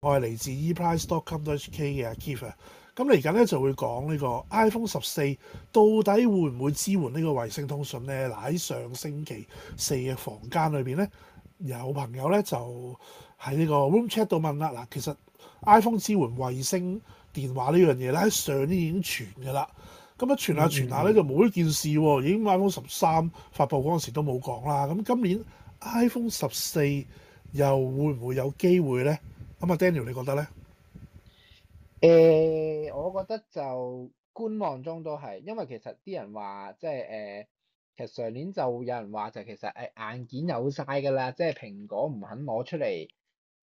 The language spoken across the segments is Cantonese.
我係嚟自 eprice.com.hk 嘅 Kiffer，咁嚟緊咧就會講呢個 iPhone 十四到底會唔會支援呢個衛星通訊呢？嗱，喺上星期四嘅房間裏邊呢，有朋友呢就喺呢個 Room Chat 度問啦。嗱，其實 iPhone 支援衛星電話呢樣嘢咧，喺上年已經傳噶啦。咁啊，嗯、傳下傳下咧就冇呢件事喎，已經 iPhone 十三發佈嗰陣時都冇講啦。咁今年 iPhone 十四又會唔會有機會咧？咁啊，Daniel，你覺得咧？誒、嗯嗯，我覺得就觀望中都係，因為其實啲人話即係誒，其實上年就有人話就其實係硬件有晒㗎啦，即係蘋果唔肯攞出嚟。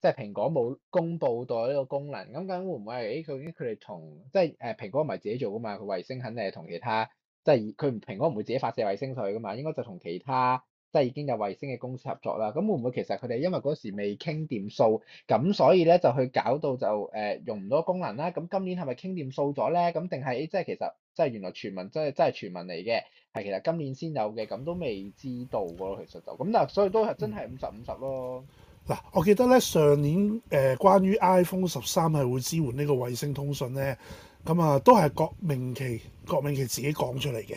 即係蘋果冇公布到呢個功能，咁究竟會唔會係？誒究竟佢哋同即係誒蘋果唔係自己做噶嘛？佢衛星肯定係同其他即係佢唔蘋果唔會自己發射衛星上去噶嘛？應該就同其他即係已經有衛星嘅公司合作啦。咁會唔會其實佢哋因為嗰時未傾掂數，咁所以咧就去搞到就誒、呃、用唔到功能啦？咁今年係咪傾掂數咗咧？咁定係誒即係其實即係原來傳聞真係真係傳聞嚟嘅，係其實今年先有嘅，咁都未知道咯。其實就咁，但係所以都係真係五十五十咯。嗯嗱、啊，我記得咧上年誒、呃、關於 iPhone 十三係會支援呢個衛星通訊咧，咁啊都係郭明奇，郭明奇自己講出嚟嘅，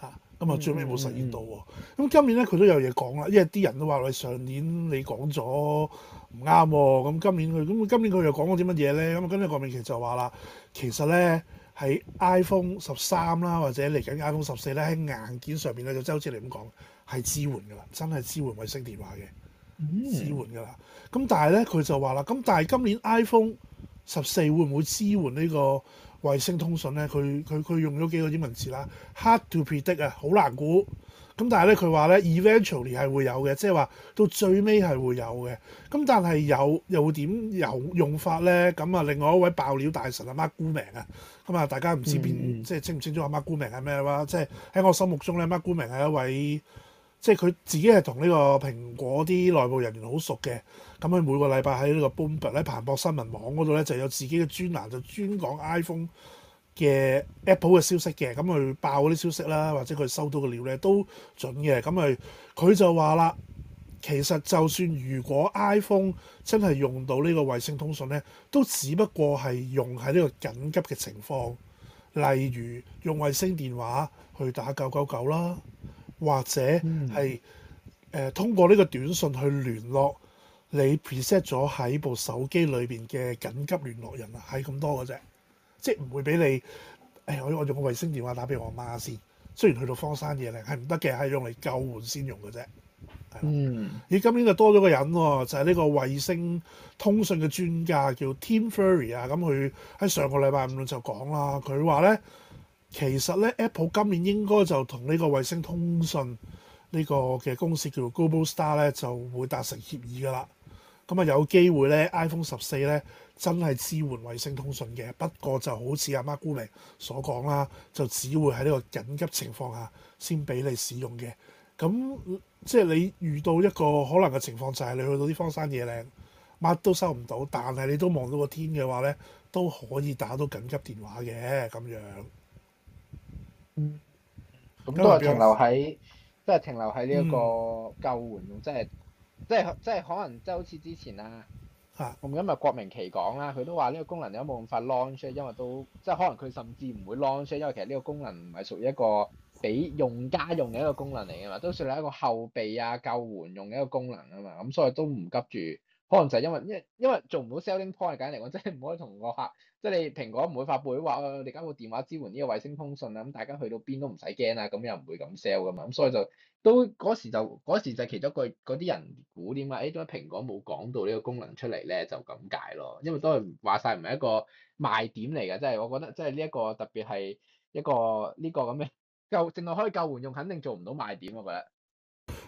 啊咁啊最尾冇實現到喎、哦。咁、嗯嗯啊、今年咧佢都有嘢講啦，因為啲人都話你上年你講咗唔啱喎，咁今年佢咁今年佢又講咗啲乜嘢咧？咁啊，今年郭明奇就話啦，其實咧喺 iPhone 十三啦或者嚟緊 iPhone 十四咧喺硬件上面咧就周知嚟咁講係支援噶啦，真係支援衛星電話嘅。嗯、支援㗎啦，咁但係咧佢就話啦，咁但係今年 iPhone 十四會唔會支援呢個衛星通訊咧？佢佢佢用咗幾個英文字啦，hard to predict 啊，好難估。咁但係咧佢話咧，eventually 係會有嘅，即係話到最尾係會有嘅。咁但係有又會點又用法咧？咁啊，另外一位爆料大神 Mark Gurman 啊，咁啊，大家唔知邊、嗯、即係清唔清楚 Mark Gurman 係咩啦？即係喺我心目中咧，Mark Gurman 係一位。即係佢自己係同呢個蘋果啲內部人員好熟嘅，咁佢每個禮拜喺呢個 Bloomberg 喺彭博新聞網嗰度咧就有自己嘅專欄，就專講 iPhone 嘅 Apple 嘅消息嘅，咁佢爆嗰啲消息啦，或者佢收到嘅料咧都準嘅，咁咪佢就話啦，其實就算如果 iPhone 真係用到呢個衛星通訊咧，都只不過係用喺呢個緊急嘅情況，例如用衛星電話去打九九九啦。或者係誒、呃、通過呢個短信去聯絡你 preset 咗喺部手機裏邊嘅緊急聯絡人啦，係咁多嘅啫，即係唔會俾你誒我、哎、我用個衛星電話打俾我阿媽，媽先，雖然去到荒山野嶺係唔得嘅，係用嚟救援先用嘅啫。嗯，咦，今年就多咗個人喎，就係、係、呢個衛星通訊嘅專家叫 Tim Furry 啊，咁佢喺上個禮拜五就講啦，佢話咧。其實咧，Apple 今年應該就同呢個衛星通訊呢個嘅公司叫做 Globalstar 咧，就會達成協議噶啦。咁啊，有機會咧，iPhone 十四咧真係支援衛星通訊嘅。不過就好似阿 Mark 姑明所講啦，就只會喺呢個緊急情況下先俾你使用嘅。咁即係你遇到一個可能嘅情況，就係、是、你去到啲荒山野嶺，乜都收唔到，但係你都望到個天嘅話咧，都可以打到緊急電話嘅咁樣。嗯，咁都係停留喺，即係、嗯、停留喺呢一個救援用，即係，即係即係可能，即係好似之前啊，啊，咁因為郭明琪講啦，佢都話呢個功能有冇咁快 launch，因為都即係可能佢甚至唔會 launch，因為其實呢個功能唔係屬於一個俾用家用嘅一個功能嚟嘅嘛，都算係一個後備啊救援用嘅一個功能啊嘛，咁、嗯、所以都唔急住，可能就係因為因為因為做唔到 selling point 嚟緊嚟講，我即係唔可以同個客。即係你蘋果唔會發布會話，你哋間部電話支援呢個衛星通訊啊，咁大家去到邊都唔使驚啦，咁又唔會咁 sell 噶嘛，咁所以就都嗰時就嗰時就其中一個啲人估點啊，誒點解蘋果冇講到呢個功能出嚟咧？就咁解咯，因為都係話晒唔係一個賣點嚟嘅，即係我覺得即係呢一個特別係一個呢、呢個咁嘅救，淨係可以救援用，肯定做唔到賣點，我覺得。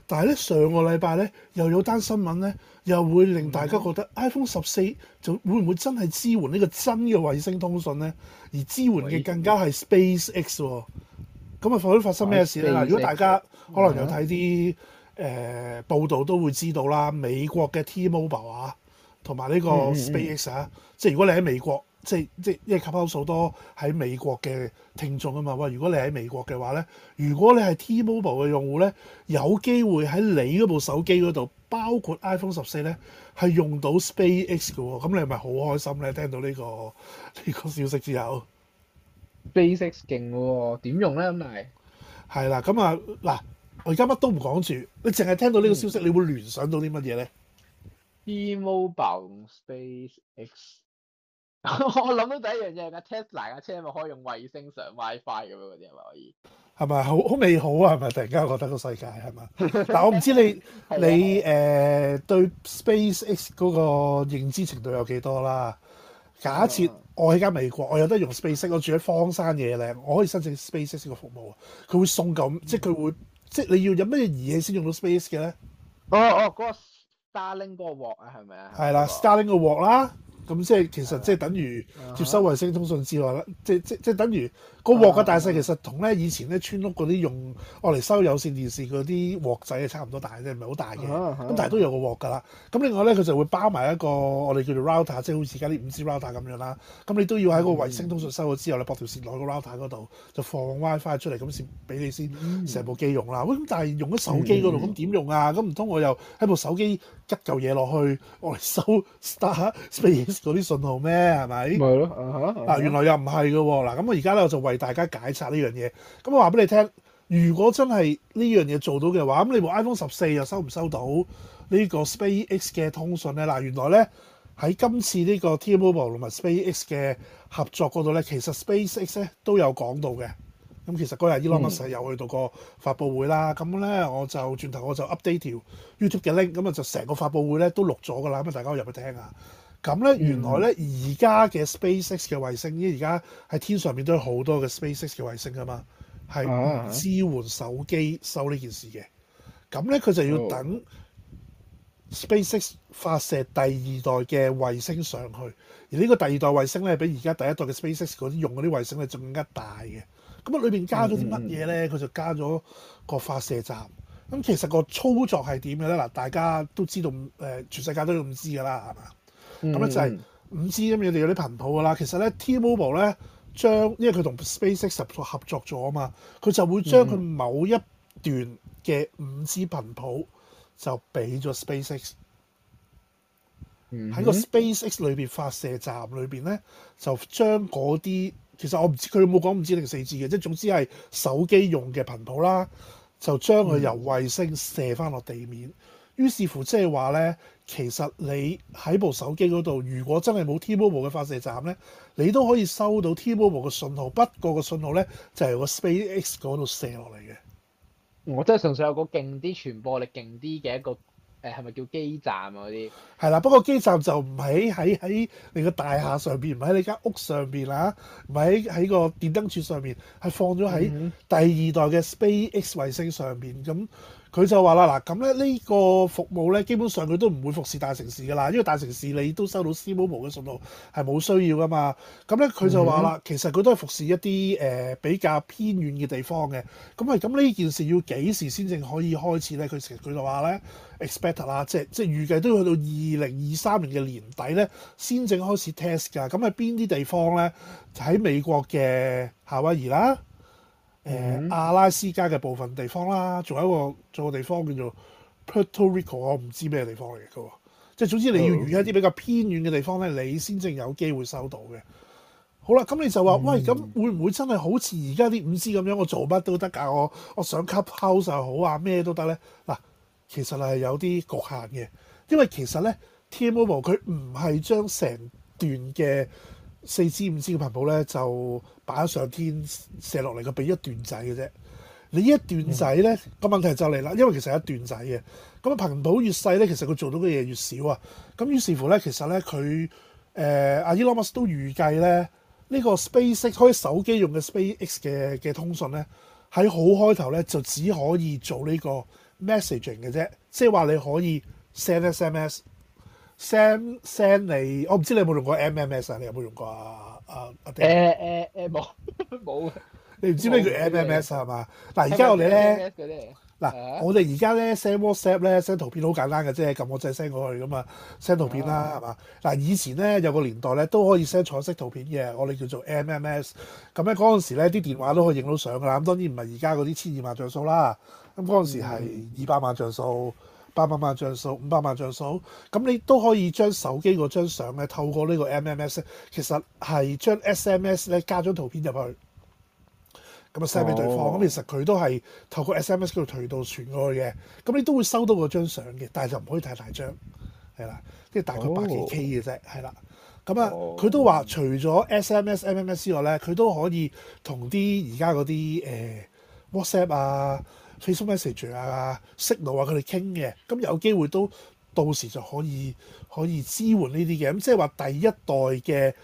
但係咧，上個禮拜咧又有單新聞咧，又會令大家覺得 iPhone 十四就會唔會真係支援呢個真嘅衛星通訊咧？而支援嘅更加係 SpaceX 喎、哦。咁啊，發生咩事咧？如果大家可能有睇啲誒報道都會知道啦。美國嘅 T-Mobile 啊，同埋呢個 SpaceX 啊，嗯嗯即係如果你喺美國。即係即係，因為吸收多喺美國嘅聽眾啊嘛。哇！如果你喺美國嘅話咧，如果你係 T-Mobile 嘅用戶咧，有機會喺你嗰部手機嗰度，包括 iPhone 十四咧，係用到 SpaceX 嘅喎、哦。咁你係咪好開心咧？聽到呢、呢個呢、呢個消息之後，SpaceX 勁喎，點、哦、用咧？咁係係啦。咁啊嗱，我而家乜都唔講住，你淨係聽到呢個消息，嗯、你會聯想到啲乜嘢咧？T-Mobile 同 SpaceX。 我諗到第一樣嘢架 Tesla 架車咪可以用衛星上 WiFi 咁樣嗰啲係咪可以？係咪好好美好啊？係咪突然間覺得個世界係嘛？嗱 我唔知你 的你誒、uh, 對 SpaceX 嗰個認知程度有幾多啦？假設我喺間美國，我有得用 SpaceX，我住喺荒山野嶺，我可以申請 SpaceX 個服務，佢會送咁， 即係佢會，即係你要有咩儀器先用到 Space 嘅咧、 哦？哦哦，嗰、那個 Starlink 嗰個鑊啊，係咪啊？係啦，Starlink 個鑊啦。 咁即係其實即係等於接收衛星通訊之外啦，uh huh，即係即係即係等於。個鑊嘅大細其實同咧以前咧村屋嗰啲用我嚟收有線電視嗰啲鑊仔係差唔多大啫，唔係好大嘅。咁、啊啊、但係都有個鑊㗎啦。咁另外咧佢就會包埋一個我哋叫做 router，即係好似而家啲五 G router 咁樣啦。咁你都要喺個衛星通訊收咗之後，你駁條線落個 router 嗰度就放 WiFi 出嚟，咁先俾你先成部機用啦。喂、哎，咁但係用咗手機嗰度，咁點用啊？咁唔通我又喺部手機一嚿嘢落去，我嚟收 Star Space 嗰啲信號咩？係咪？咪咯。啊，原來又唔係㗎喎。嗱，咁我而家咧我就為大家解拆呢樣嘢，咁我話俾你聽，如果真係呢樣嘢做到嘅話，咁你部 iPhone 十四又收唔收到呢個 SpaceX 嘅通訊呢？嗱，原來呢，喺今次呢個 T-Mobile 同埋 SpaceX 嘅合作嗰度呢，其實 SpaceX 呢都有講到嘅。咁其實嗰日 Elon Musk 又去到個發布會啦，咁呢、嗯，我就轉頭我就 update 條 YouTube 嘅 link，咁啊就成個發布會呢都錄咗㗎啦，咁大家入去聽下。咁咧，原來咧，而家嘅 SpaceX 嘅衛星，因為而家喺天上面都有好多嘅 SpaceX 嘅衛星啊嘛，係支援手機收呢件事嘅。咁咧，佢就要等 SpaceX 發射第二代嘅衛星上去。而呢個第二代衛星咧，比而家第一代嘅 SpaceX 嗰啲用嗰啲衛星咧，仲更加大嘅。咁啊，裏邊加咗啲乜嘢咧？佢就加咗個發射站。咁其實個操作係點嘅咧？嗱，大家都知道，誒、呃，全世界都要咁知噶啦，係嘛？咁咧、嗯、就係五 G 咁樣，你哋有啲頻譜㗎喇。其實咧，T-Mobile 咧將因為佢同 SpaceX 合作咗啊嘛，佢就會將佢某一段嘅五 G 頻譜就俾咗 SpaceX。喺、嗯、個 SpaceX 裏邊發射站裏邊咧，就將嗰啲其實我唔知佢有冇講五 G 定四 G 嘅，即係總之係手機用嘅頻譜啦，就將佢由衛星射返落地面。嗯嗯於是乎，即係話咧，其實你喺部手機嗰度，如果真係冇 T-Mobile 嘅發射站咧，你都可以收到 T-Mobile 嘅信號。不過個信號咧就係個 SpaceX 嗰度射落嚟嘅。我真係純粹有個勁啲傳播力勁啲嘅一個誒，係、呃、咪叫基站嗰、啊、啲？係啦，不過基站就唔喺喺喺你個大廈上邊，唔喺你間屋上邊啦、啊，唔喺喺個電燈柱上邊，係放咗喺第二代嘅 SpaceX 衛星上邊咁。佢就話啦。嗱，咁咧，呢個服務咧，基本上佢都唔會服侍大城市㗎啦，因為大城市你都收到 Simul 模嘅信號，係冇需要㗎嘛。咁咧佢就話啦，嗯、哼其實佢都係服侍一啲誒、呃、比較偏遠嘅地方嘅。咁啊，咁呢件事要幾時先至可以開始咧？佢成佢就話咧，expect 啦，即係即係預計都要去到二零二三年嘅年底咧先正開始 test 㗎。咁係邊啲地方咧？就喺美國嘅夏威夷啦。嗯呃、阿拉斯加嘅部分地方啦，仲有一個仲有個地方叫做 Puerto Rico，我唔知咩地方嚟嘅，即係總之你要遇一啲比較偏遠嘅地方咧，你先正有機會收到嘅。好啦，咁你就話：嗯、喂，咁會唔會真係好似而家啲五 G 咁樣，我做乜都得㗎、啊？我我想吸 house 又好啊，咩都得呢。嗱，其實係有啲局限嘅，因為其實呢 T-Mobile 佢唔係將成段嘅，4G、5G 嘅頻譜咧，就擺喺上天射落嚟嘅俾一段仔嘅啫。你一段仔咧個、嗯、問題就嚟啦，因為其實一段仔嘅咁，頻譜越細咧，其實佢做到嘅嘢越少啊。咁於是乎咧，其實咧佢誒阿 Elon Musk 都預計咧呢、呢個 Space X，可以手機用嘅 Space X 嘅嘅通訊咧喺好開頭咧就只可以做呢個 Messaging 嘅啫，即係話你可以 send SMS。send send 你我唔知你有冇用過 MMS 啊？你有冇用過啊啊啊？誒誒誒冇冇你唔知咩叫 MMS 啊？係嘛、啊？嗱，而家我哋咧，嗱我哋而家咧 send WhatsApp 咧 send 圖片好簡單嘅啫，撳個掣 send 過去咁啊，send 圖片啦係嘛？嗱、啊、以前咧有個年代咧都可以 send 彩色圖片嘅，我哋叫做 MMS。咁咧，嗰陣時咧啲電話都可以影到相㗎啦，咁當然唔係而家嗰啲千二萬像素啦。咁嗰陣時係二百萬像素。八百萬像素、五百萬像素，咁你都可以將手機嗰張相咧，透過呢個 MMS，其實係將 SMS 咧加張圖片入去，咁啊 send 俾對方。咁、哦、其實佢都係透過 SMS 嗰個渠道傳過去嘅，咁你都會收到嗰張相嘅，但係就唔可以太大張，係啦，即係大概百幾 K 嘅啫，係啦、哦。咁啊，佢、哦、都話除咗 SMS、MMS 之外咧，佢都可以同啲而家嗰啲誒 WhatsApp 啊。Facebook message 啊，訊號啊，佢哋傾嘅咁有機會都到時就可以可以支援呢啲嘅咁，即係話第一代嘅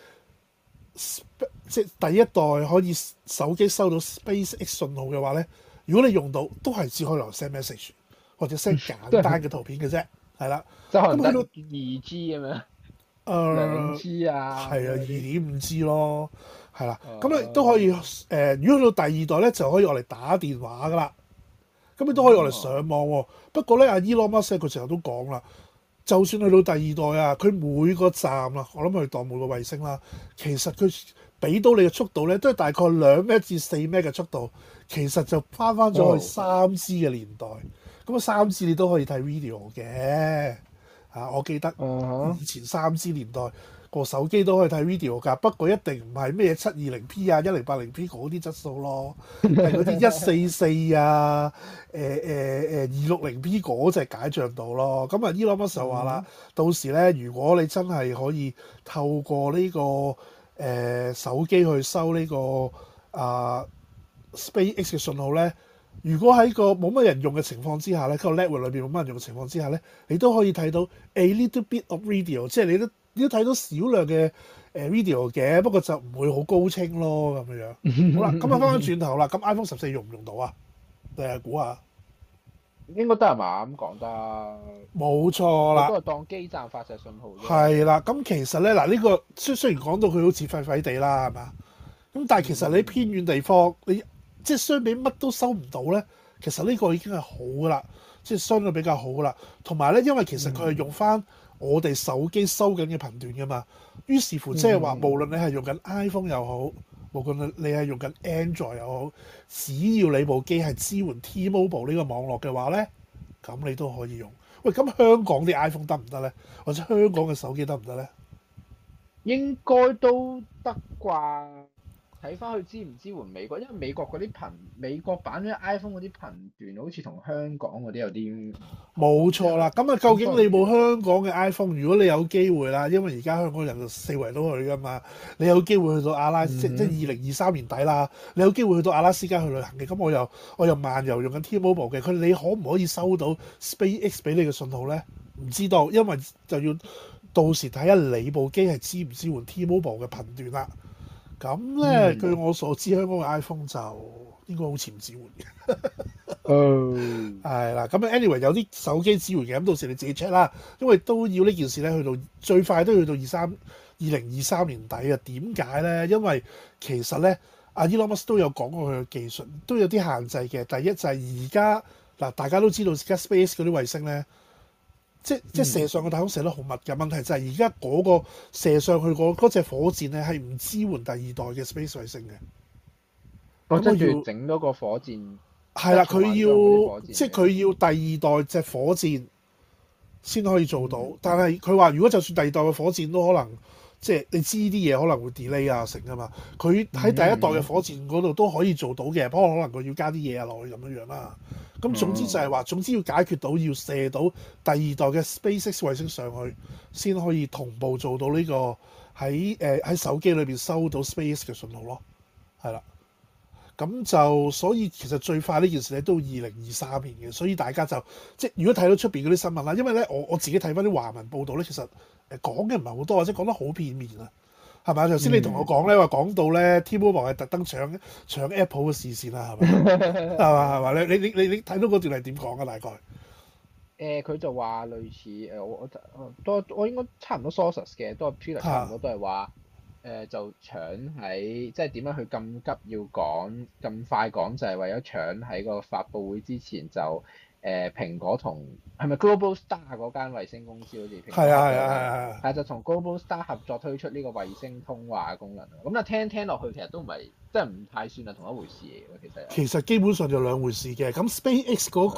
即係第一代可以手機收到 SpaceX 信號嘅話咧，如果你用到都係只可以嚟 send message 或者 send 簡單嘅圖片嘅啫，係啦。咁去到二 G 咁樣，兩 G 啊，係啊，二點五 G 咯，係啦。咁你都可以誒、呃，如果去到第二代咧，就可以用嚟打電話噶啦。咁你都可以用嚟上網喎、哦。不過咧，阿伊朗馬斯咧，佢成日都講啦，就算去到第二代啊，佢每個站啦，我諗佢當冇個衛星啦，其實佢俾到你嘅速度咧，都係大概兩 M 至四 M 嘅速度，其實就返返咗去三 G 嘅年代。咁啊、哦，三 G 你都可以睇 video 嘅嚇、啊，我記得以前三 G 年代。個手機都可以睇 video 㗎，不過一定唔係咩七二零 p 啊，一零八零 p 嗰啲質素咯，係嗰啲一四四啊，誒誒誒二六零 p 嗰隻解像度咯。咁啊，Elon Musk 就話啦，嗯、到時咧，如果你真係可以透過呢、呢個誒、呃、手機去收呢、呢個啊、呃、SpaceX 嘅信號咧，如果喺個冇乜人用嘅情況之下咧，個 network 裏邊冇乜人用嘅情況之下咧，你都可以睇到 a little bit of video，即係你都。你都睇到少量嘅誒、呃、video 嘅，不過就唔會好高清咯咁樣樣。 好啦，咁啊翻返轉頭啦。咁 iPhone 十四用唔用到啊？你係估下應該都係嘛咁講得。冇錯啦。都係當基站發射信號。係啦，咁其實咧嗱，呢、呢個雖雖然講到佢好似廢廢地啦，係嘛？咁但係其實你偏遠地方，嗯、你即係相比乜都收唔到咧，其實呢個已經係好噶啦，即係相對比較好噶啦。同埋咧，因為其實佢係用翻。嗯嗯我哋手機收緊嘅頻段㗎嘛，於是乎即係話無論你係用緊 iPhone 又好，無論你係用緊 Android 又好，只要你部機係支援 T-Mobile 呢個網絡嘅話呢，咁你都可以用。喂，咁香港啲 iPhone 得唔得呢？或者香港嘅手機得唔得呢？應該都得啩。睇翻佢支唔支援美國，因為美國嗰啲頻，美國版嘅 iPhone 嗰啲頻段好似同香港嗰啲有啲冇錯啦。咁啊，究竟你部香港嘅 iPhone，如果你有機會啦，因為而家香港人四圍都去噶嘛，你有機會去到阿拉斯，mm hmm. 即係二零二三年底啦，你有機會去到阿拉斯加去旅行嘅，咁我又我又漫遊用緊 T-Mobile 嘅，佢哋你可唔可以收到 SpaceX 俾你嘅信號呢？唔知道，因為就要到時睇下你部機係支唔支援 T-Mobile 嘅頻段啦。咁咧，呢嗯、據我所知，香港嘅 iPhone 就應該好遲唔支援嘅。 嗯，係啦。咁 Anyway，有啲手機支援嘅，咁到時你自己 check 啦。因為都要呢件事咧，去到最快都要到二三二零二三年底啊。點解咧？因為其實咧，阿 Elon Musk 都有講過佢嘅技術都有啲限制嘅。第一就係而家嗱，大家都知道 SpaceX 嗰啲衛星咧。即係即係射上個太空射得好密，嘅問題就係而家嗰個射上去嗰隻火箭咧，係唔支援第二代嘅 space 遞星嘅。我跟住整多個火箭。係啦，佢要即係佢要第二代隻火箭先可以做到。嗯、但係佢話，如果就算第二代嘅火箭都可能。即係你知呢啲嘢可能會 delay 啊成㗎嘛，佢喺第一代嘅火箭嗰度都可以做到嘅，嗯、不過可能佢要加啲嘢啊落去咁樣樣啦。咁總之就係話，啊、總之要解決到要射到第二代嘅 SpaceX 衛星上去，先可以同步做到呢、呢個喺誒喺手機裏邊收到 Space 嘅信號咯。係啦，咁就所以其實最快呢件事咧都二零二三年嘅，所以大家就即係如果睇到出邊嗰啲新聞啦，因為咧我我自己睇翻啲華文報道咧，其實。講嘅唔係好多，或者講得好片面啊，係咪？頭先你同我講咧，話講、嗯、到咧 T-Mobile 係特登搶搶 Apple 嘅視線啦，係咪？係嘛係嘛？你你你你你睇到嗰段係點講啊？大概誒，佢、呃、就話類似誒、呃，我我多我應該差唔多 sources 嘅都 Twitter 差唔多都係話誒，就搶喺、呃、即係點樣？佢咁急要講咁快講，就係為咗搶喺個發布會之前就。誒、呃、蘋果同係咪 Globalstar 嗰間衛星公司好似係啊，係啊，係啊，但係就同 Globalstar 合作推出呢個衛星通話功能。咁啊聽聽落去其實都唔係，即係唔太算係同一回事嚟嘅。其實 其實基本上就兩回事嘅。咁 SpaceX 嗰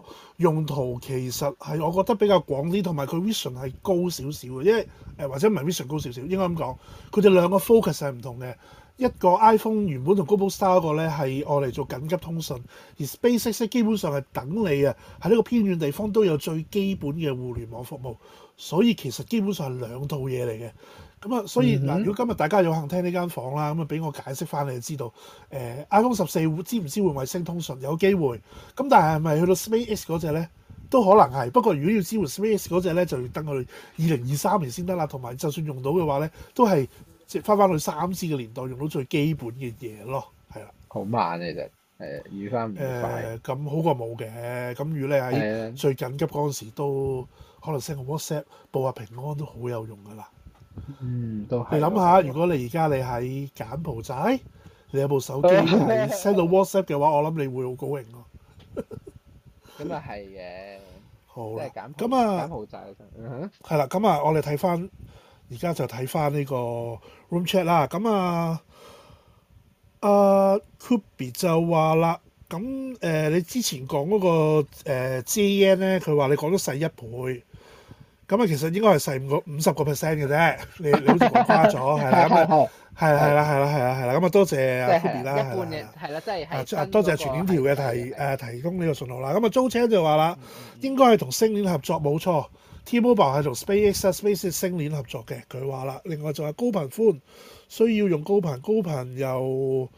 個用途其實係我覺得比較廣啲，同埋佢 Vision 係高少少嘅，因為誒或者唔係 Vision 高少少，應該咁講，佢哋兩個 focus 係唔同嘅。一個 iPhone 原本同 Google Star 嗰個咧，係愛嚟做緊急通訊，而 SpaceX 基本上係等你啊，喺呢個偏遠地方都有最基本嘅互聯網服務，所以其實基本上係兩套嘢嚟嘅。咁啊，所以嗱，嗯、哼如果今日大家有幸聽呢間房啦，咁啊俾我解釋翻你就知道，誒、呃、iPhone 十四會支唔支援衛星通訊有機會，咁但係係咪去到 SpaceX 嗰隻呢？都可能係，不過如果要支援 SpaceX 嗰隻呢，就要等佢二零二三年先得啦，同埋就算用到嘅話呢，都係。即係翻翻去三 C 嘅年代，用到最基本嘅嘢咯，係啦。好慢嚟、啊，實誒，遇翻唔快。誒咁、呃、好過冇嘅，咁如果你喺最緊急嗰陣時，都可能 send 個 WhatsApp 報下平安都好有用㗎啦。嗯，都係。你諗下，如果你而家你喺柬埔寨，你有部手機，你 send 到 WhatsApp 嘅話， 我諗你會好高興咯。咁啊係嘅。好啦。咁係柬埔寨。柬埔寨。係啦，咁啊，我哋睇翻。而家就睇翻呢個 room check 啦，咁啊，阿 Kobe 就話啦，咁誒你之前講嗰個誒 JN 咧，佢話你講咗細一倍，咁啊其實應該係細五個五十個 percent 嘅啫，你你都講大咗，係啦，係啦，係啦，係啦，係啦，係啦，咁啊多謝 Kobe 啦，係啦，即係係多謝全年條嘅提誒提供呢個信號啦，咁啊租車就話啦，應該係同星鏈合作冇錯。T-Mobile 係同 SpaceX、SpaceX 星鏈合作嘅，佢話啦，另外就係高頻寬需要用高頻，高頻又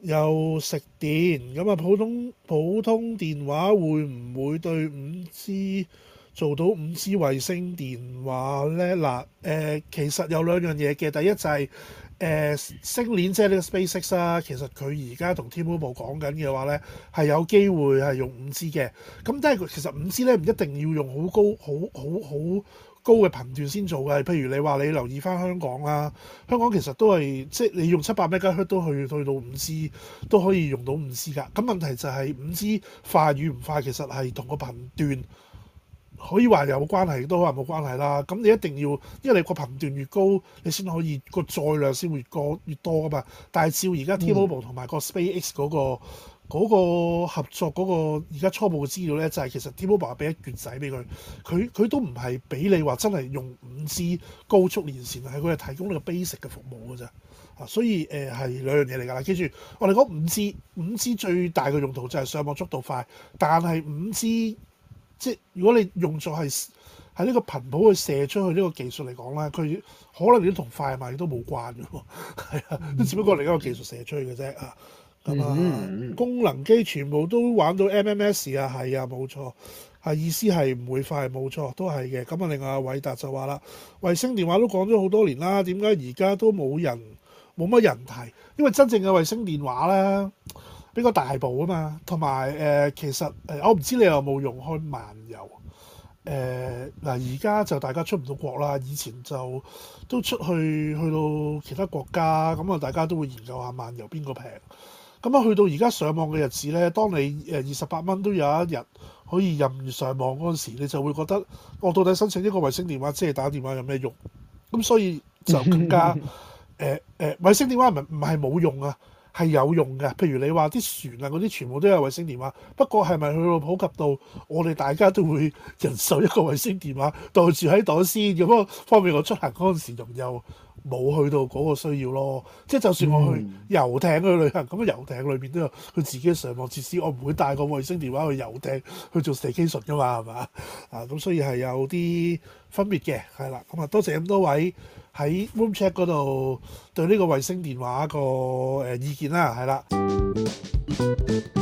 又食電，咁啊普通普通電話會唔會對五 G 做到五 G 衛星電話咧？嗱，誒、呃、其實有兩樣嘢嘅，第一就係、是。誒星鏈即係呢個 SpaceX 啦，其實佢而家同 T-Mobile 講緊嘅話呢，係有機會係用五 G 嘅。咁但係其實五 G 呢，唔一定要用好高好好好高嘅頻段先做嘅。譬如你話你留意返香港啦，香港其實都係即係你用七百 Mbps 都去去到五 G 都可以用到五 G 㗎。咁問題就係五 G 快與唔快其實係同個頻段。可以話有關係亦都可能冇關係啦。咁你一定要，因為你個頻段越高，你先可以、個載量先會越過越多噶嘛。但係照而家 T-Mobile 同埋、嗯、個 SpaceX 嗰、嗰個合作嗰個而家初步嘅資料咧，就係、係、其實 T-Mobile 俾一月仔俾佢，佢佢都唔係俾你話真係用五 G 高速連線，係佢係提供你個 basic 嘅服務㗎啫。啊，所以誒係、呃、兩樣嘢嚟㗎啦。記住，我哋講五 G，五 G 最大嘅用途就係上網速度快，但係五 G。即如果你用咗係喺呢個頻譜去射出去呢個技術嚟講咧，佢可能你都同快慢都冇關嘅喎，係啊，只不過另一個技術射出去嘅啫啊。咁啊，功能機全部都玩到 MMS 啊，係啊，冇錯，係意思係唔會快，冇錯，都係嘅。咁啊，另外阿偉達就話啦，衛星電話都講咗好多年啦，點解而家都冇人冇乜人提？因為真正嘅衛星電話咧。比較大部啊嘛，同埋誒其實誒、呃、我唔知你有冇用開漫遊誒嗱，而家就大家出唔到國啦，以前就都出去去到其他國家咁啊、嗯，大家都會研究下漫遊邊個平咁啊，去到而家上網嘅日子呢，當你誒二十八蚊都有一日可以任上網嗰陣時，你就會覺得我到底申請一個衛星電話即係打電話有咩用？咁、嗯、所以就更加誒誒、 呃呃、衛星電話唔唔係冇用啊！係有用嘅，譬如你話啲船啊嗰啲全部都有衛星電話，不過係咪去到普及到我哋大家都會人手一個衛星電話，袋住喺度先咁？那個、方便我出行嗰陣時用又？冇去到嗰個需要咯，即係就算我去遊艇去旅行，咁啊遊艇裏邊都有佢自己嘅上網設施，我唔會帶個衛星電話去遊艇去做 data transmission 㗎嘛，係嘛？啊，咁、嗯、所以係有啲分別嘅，係啦，咁啊多謝咁多位喺 room check 嗰度對呢個衛星電話個誒意見啦，係啦。